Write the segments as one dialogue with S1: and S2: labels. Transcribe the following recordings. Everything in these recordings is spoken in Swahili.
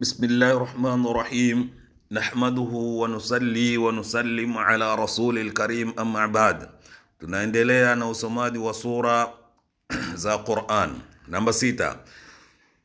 S1: بسم الله الرحمن الرحيم نحمده ونصلي ونسلم على رسول الكريم أما بعد تنايندليا نوسماد وصورة ذا قرآن نمبر ستة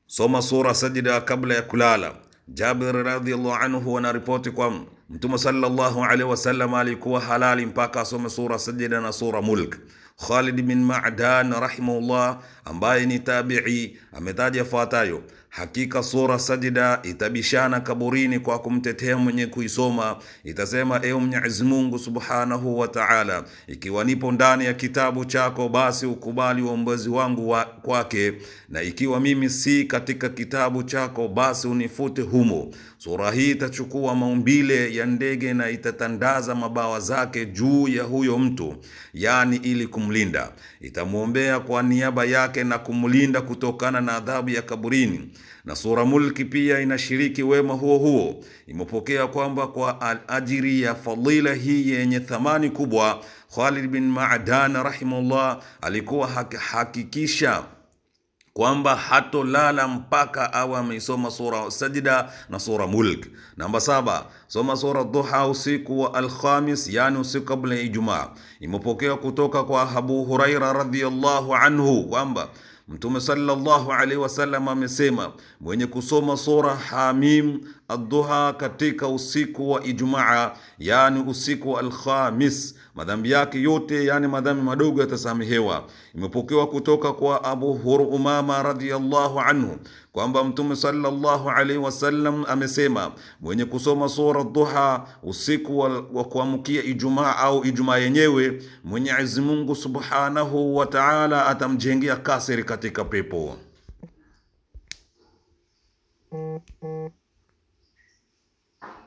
S1: صوم صورة سجدة قبل كلالة جابر رضي الله عنه وانا ريبوتكم متوم صلى الله عليه وسلم عليك حلال مباكا صوم صورة سجدة صورة ملك خالد من معدان رحمه الله أمباني تابعي أمتاج فاتايو Hakika sura Sajida itabishana kaburini kwa kumtetea mwenye kuisoma. Itasema: ewe Mwenyezi Mungu subhanahu wa Ta'ala, ikiwa nipo ndani ya kitabu chako, basi ukubali uombezi wangu wa kwake, na ikiwa mimi si katika kitabu chako, basi unifute humo. Sura hii itachukua maumbile ya ndege na itatandaza mabawa zake juu ya huyo mtu, yani ili kumlinda. Itamwombea kwa niaba yake na kumlinda kutokana na adhabu ya kaburini na sura Mulki pia inashiriki wema huo huo. Imepokea kwamba kwa ajili ya fadhila hii yenye thamani kubwa, Khalid bin Ma'dan rahimahullah alikuwa hakikisha kwamba hatolala mpaka awe ameisoma sura Sajida na sura Mulk. Namba saba, soma sura Duha usiku wa Alhamis, yani usiku kabla ya Ijumaa. Imepokea kutoka kwa Abu Huraira radhiyallahu anhu kwamba Mtume sallallahu alaihi wasallam amesema, mwenye kusoma sura Hamim adduha katika usiku wa Ijumaa, yani usiku wa Alkhamis, madhambi yake yote, yani madhambi madogo yatasamehewa. Imepokewa kutoka kwa Abu Hur Umama radhiyallahu anhu kwamba Mtume sallallahu alaihi wasallam amesema, mwenye kusoma sura Duha usiku wa kuamkia Ijumaa au Ijumaa yenyewe, Mwenyezi Mungu subhanahu wa taala atamjengea kasiri katika pepo.